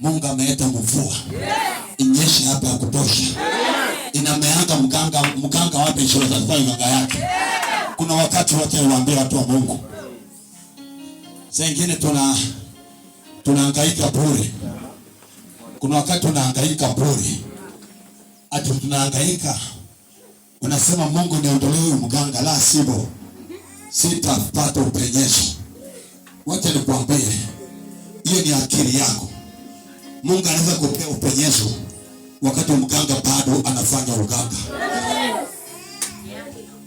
Mungu ameleta mvua inyeshe hapa ya kutosha. Inameanga mganga mganga wape shule za mganga yake. Kuna wakati wote uambie watu wa Mungu, saa ingine tuna tunahangaika bure. Kuna wakati tunahangaika bure, ati tunahangaika unasema Mungu niondolee huyu mganga, la sivyo sitapata upenyesho. Wacha nikwambie, hiyo ni akili yako. Mungu anaweza kupea uponyezo wakati mganga bado anafanya uganga.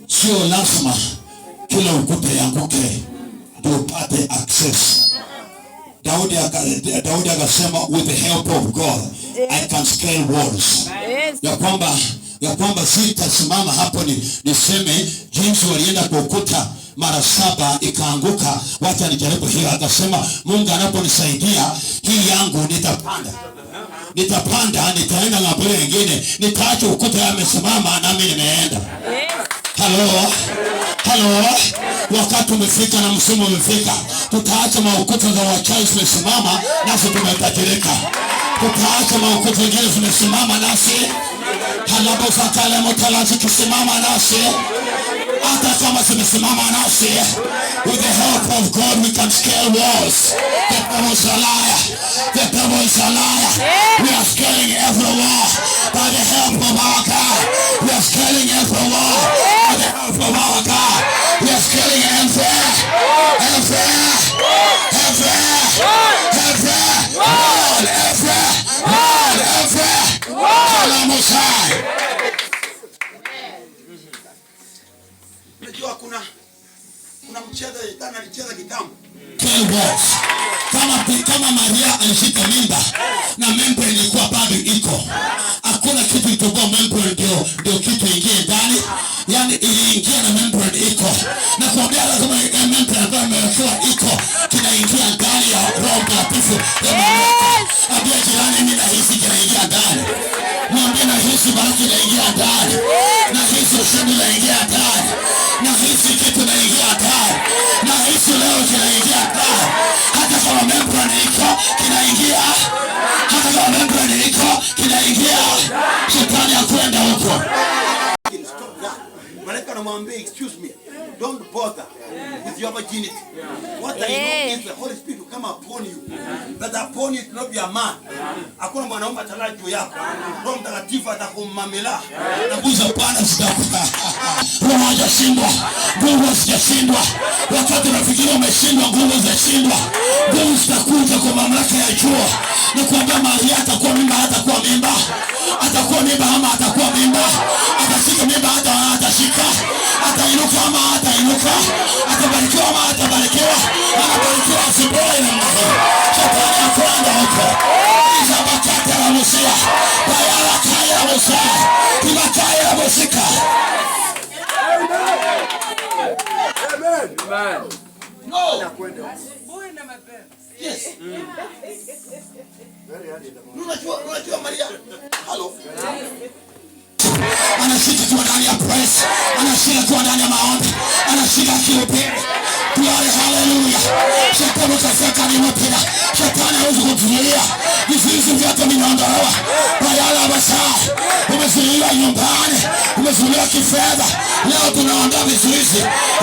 Sio lazima kila ukuta yanguke ndio upate access. Daudi akasema with the help of God I can scale walls. Ya kwamba ya kwamba sitasimama hapo ni niseme jinsi walienda kwa ukuta mara saba ikaanguka. Wacha nijaribu hiyo. Akasema, Mungu anaponisaidia hii yangu nitapanda nitapanda nitaenda ng'ambo nyingine, nitaacha ukuta yamesimama, nami nimeenda. Halo, halo, wakati umefika na msimu umefika, tutaacha maukuta za wachawi zimesimama, nasi tumetajirika. Tutaacha maukuta zingine zimesimama, nasi halafu sakale mutalazi kisimama nasi hata kama zimesimama nasi, with the help of God we can scale walls. The devil is a liar. The devil is a liar. We are scaling every wall by the help of our God. We are scaling every wall by the help of our God. We are scaling every, every alicheza shetani alicheza kitambo. Kama kama Maria alishika mimba na mimba ilikuwa bado iko. Hakuna kitu kitoboa mimba ndio ndio kitu ingie ndani. Yaani iliingia na mimba iko. Na kuambia lazima mimba ambayo imekuwa iko kinaingia ndani ya Roho Mtakatifu. Ambia jirani mimi nahisi kinaingia ndani. Mwambie nahisi baraka inaingia ndani. Na Yesu ushindi unaingia ndani, na hisi kitu naingia ndani, na hisi leo kinaingia ndani, hata kama membrane iko kinaingia, hata kama membrane iko kinaingia, shetani akwenda huko. Malaika anamwambia excuse me Don't bother with your virginity. Yeah. What yeah. I know is the Holy Spirit will come upon you. Yeah. But upon you it not be a man. Hakuna mwanaume atalala juu yako. Roho Mtakatifu atakumamela. Nakuza Bwana sitakuta. Roho hajashindwa. Nguvu hazijashindwa. Wakati unafikiri umeshindwa, nguvu zashindwa na kwa mamlaka ya jua na kuambia Maria atakuwa mimba, hatakuwa mimba, atakuwa mimba ama atakuwa mimba, atashika mimba, hata atashika, atainuka ama atainuka, atabarikiwa ama atabarikiwa, anabarikiwa asubuhi na mzee shetani akwenda huko iza bakate la musia bayala kaya musa ibakaya musika Amen. Amen. No. Amen. No. Yes. Mm. Unajua Maria. Hello. Ana shida tu ndani ya press. Ana shida tu ndani ya maombi. Ana shida kiupele. Glory hallelujah. Shetani kaseka ni mpira. Shetani hawezi kutulia. Vizuizi vyote vinaondolewa. Bayala bashaa. Umezuiliwa nyumbani. Umezuiliwa kifedha. Leo tunaondoa vizuizi.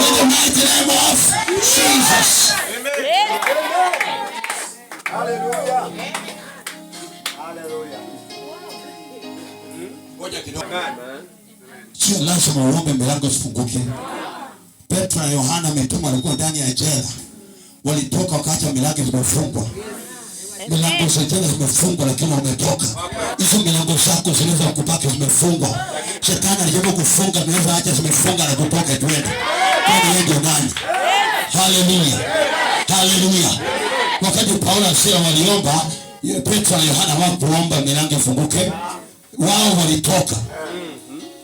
In the mighty name of Jesus. Sio lazima uombe milango isifunguke. Petro na Yohana wametumwa, walikuwa ndani ya jela, walitoka wakati milango zimefungwa. Milango za jela zimefungwa, lakini wametoka. Hizo milango zako zinaweza kupaka zimefungwa. Shetani alijaribu kufunga, naweza acha zimefunga na kutoka tuende. Kwani yeye ndio nani? Haleluya. Haleluya. Wakati Paulo asema waliomba, Petro na Yohana wakuomba milango ifunguke wao walitoka.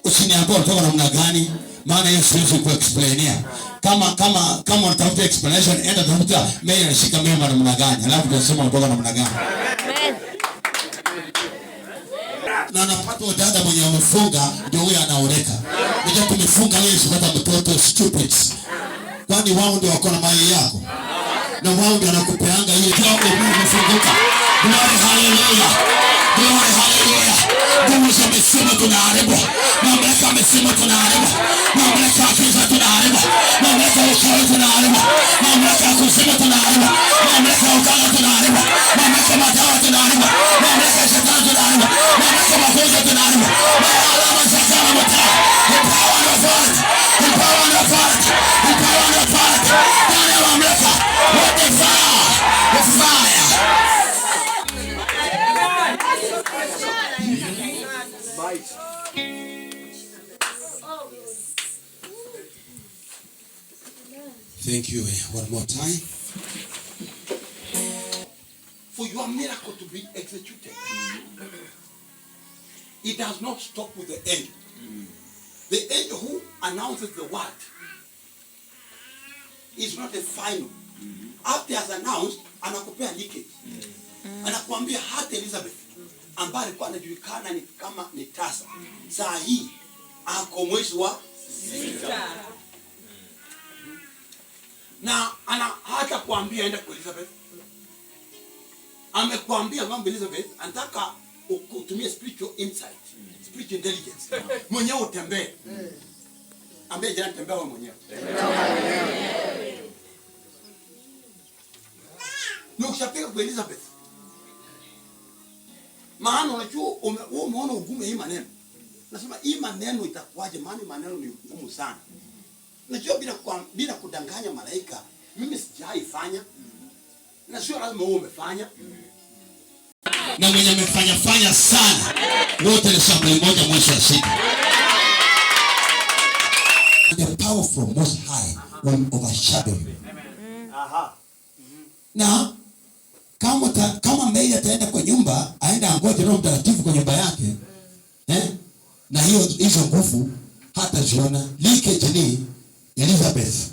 Usiniambie walitoka namna gani, maana hiyo siwezi kuexplainia. Kama kama kama unatafuta explanation, enda tafuta mimi nashika mema namna gani, alafu tunasema walitoka namna gani. Na napata dada mwenye amefunga ndio huyo anaoleka. Ndio tumefunga wewe usipata mtoto stupid. Kwani wao ndio wako na mali yako? Na wao ndio anakupeanga hiyo jambo umefunguka. Glory hallelujah. Glory, haleluya. Mungu amesema tunaharibu. Mamlaka amesema tunaharibu. Mamlaka ya tunaharibu. Mamlaka ya tunaharibu. Mamlaka kuzimu tunaharibu. Mamlaka ya tunaharibu. Mamlaka madawa tunaharibu. Mamlaka Thank you one more time. For your miracle to be executed, it does not stop with the end. The end who announces the word is not the final. After has announced, anakupea andike. Anakuambia hata Elizabeth ambaye alikuwa anajulikana ni kama ni tasa. Saa hii ako mwezi wa sita na ana hata kuambia aende kwa Elizabeth. Amekuambia mambo Elizabeth, anataka utumie spiritual insight, spiritual intelligence. Mwenye utembee. Ambaye jana tembea wewe mwenyewe. Na ukishafika kwa Elizabeth, maana unajua umeona ugumu hii maneno. Nasema hii maneno itakuwaje? Maana maneno ni ngumu sana. Najua bila kwa, bila kudanganya malaika, mimi sijaifanya. Najua lazima wewe umefanya. Na mwenye amefanya fanya sana. Wote ni sabri moja mwisho wa siku. The power from most high will overshadow you. Aha. Na kama ta, kama Mary ataenda kwa nyumba, aenda angoje Roho Mtakatifu kwa nyumba yake. Eh? Na hiyo hizo nguvu hata hataziona. leakage ni Elizabeth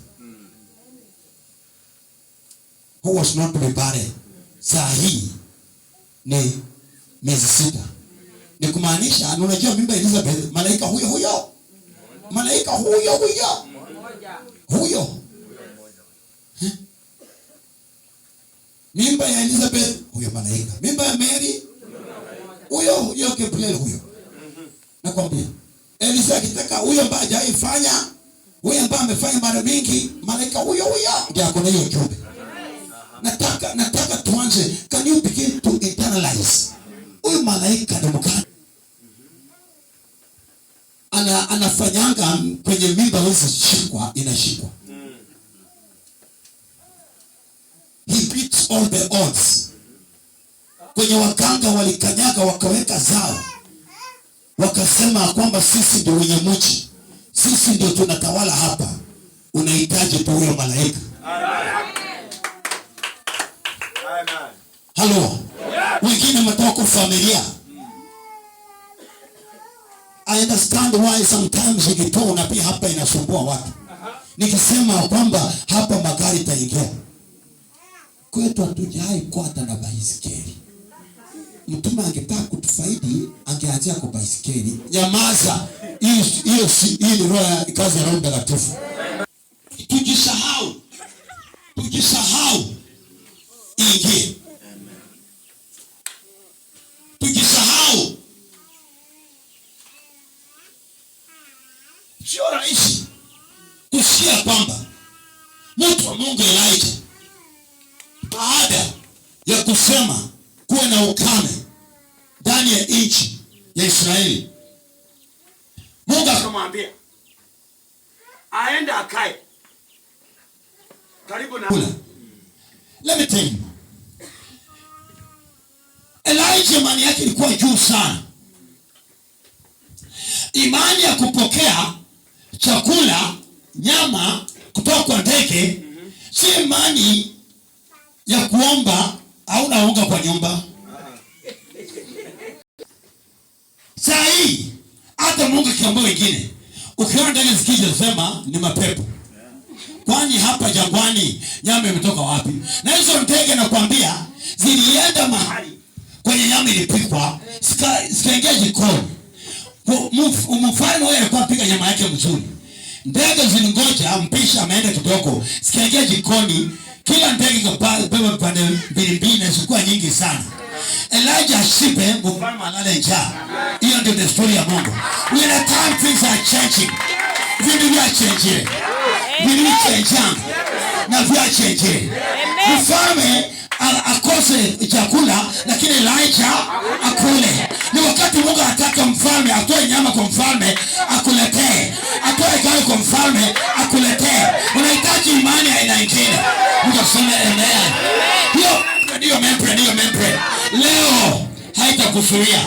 who was not to be buried saa hii ni miezi sita, ni kumaanisha, unajua mimba Elizabeth, malaika huyo huyo, malaika huyo huyo huyo, eh? mimba ya Elizabeth huyo malaika, mimba ya Mary huyo huyo, Gabriel huyo, nakwambia Elisa akitaka huyo ambaye hajaifanya wewe ambaye amefanya mara mingi, malaika huyo huyo ndiye ako na hiyo ujumbe. Nataka nataka tuanze, can you begin to internalize huyu malaika ni mkali, ana anafanyanga kwenye mimba hizi shikwa inashikwa, he beats all the odds. Kwenye wakanga walikanyaga wakaweka zao, wakasema kwamba sisi ndio wenye mji sisi ndio tunatawala hapa, unahitaji tu huyo malaika. Halo, wengine kwa familia. I understand why sometimes ukitona pia hapa inasumbua watu. Nikisema kwamba hapa magari taingia kwetu, hatujai kwata na baisikeli. Mtume angetaka kutufaidi, angeanzia kwa baisikeli. Nyamaza hiyo Hii ni roho kazi ya Roho Mtakatifu. Tujisahau, tujisahau ingie, tujisahau. Sio rahisi kusikia kwamba mtu wa Mungu Elijah baada ya kusema kuwe na ukame ndani ya nchi ya Israeli Mungu akamwambia aende akae karibu na kula. Let me tell you. Elijah imani yake ilikuwa juu sana. Imani ya kupokea chakula, nyama kutoka kwa ndege mm -hmm. Si imani ya kuomba au naunga kwa nyumba. Saa hii hata Mungu akiwaambia wengine, ukiona ndege zikija sema ni mapepo. Kwani hapa jangwani nyama imetoka wapi? Na hizo ndege nakwambia zilienda mahali kwenye nyama ilipikwa, zikaingia jikoni. Mfalme huyo alikuwa apika nyama yake mzuri, ndege zilingoja mpisha ameenda kidogo, zikaingia jikoni, kila ndege ikabeba vipande mbili mbili na zilikuwa nyingi sana. Elijah shibe mfalme alale njaa. Hiyo ndio desturi ya Mungu. When the time things are changing, vitu vya change. Vitu change na vya change. Mfalme akose chakula lakini Elijah akule. Ni wakati Mungu anataka mfalme atoe nyama kwa mfalme akuletee. Atoe gari kwa mfalme akuletee. Unahitaji imani aina nyingine. kukuzuia.